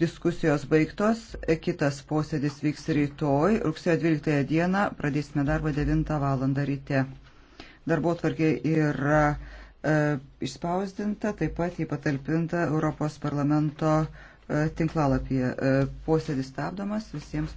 Diskusijos baigtos, kitas posėdis vyks rytoj, rugsėjo 12 dieną, pradėsime darbą 9 val. ryte. Darbo tvarkė yra e, išspausdinta, taip pat jį patalpinta Europos parlamento e, tinklalapyje. E, posėdis stabdomas visiems.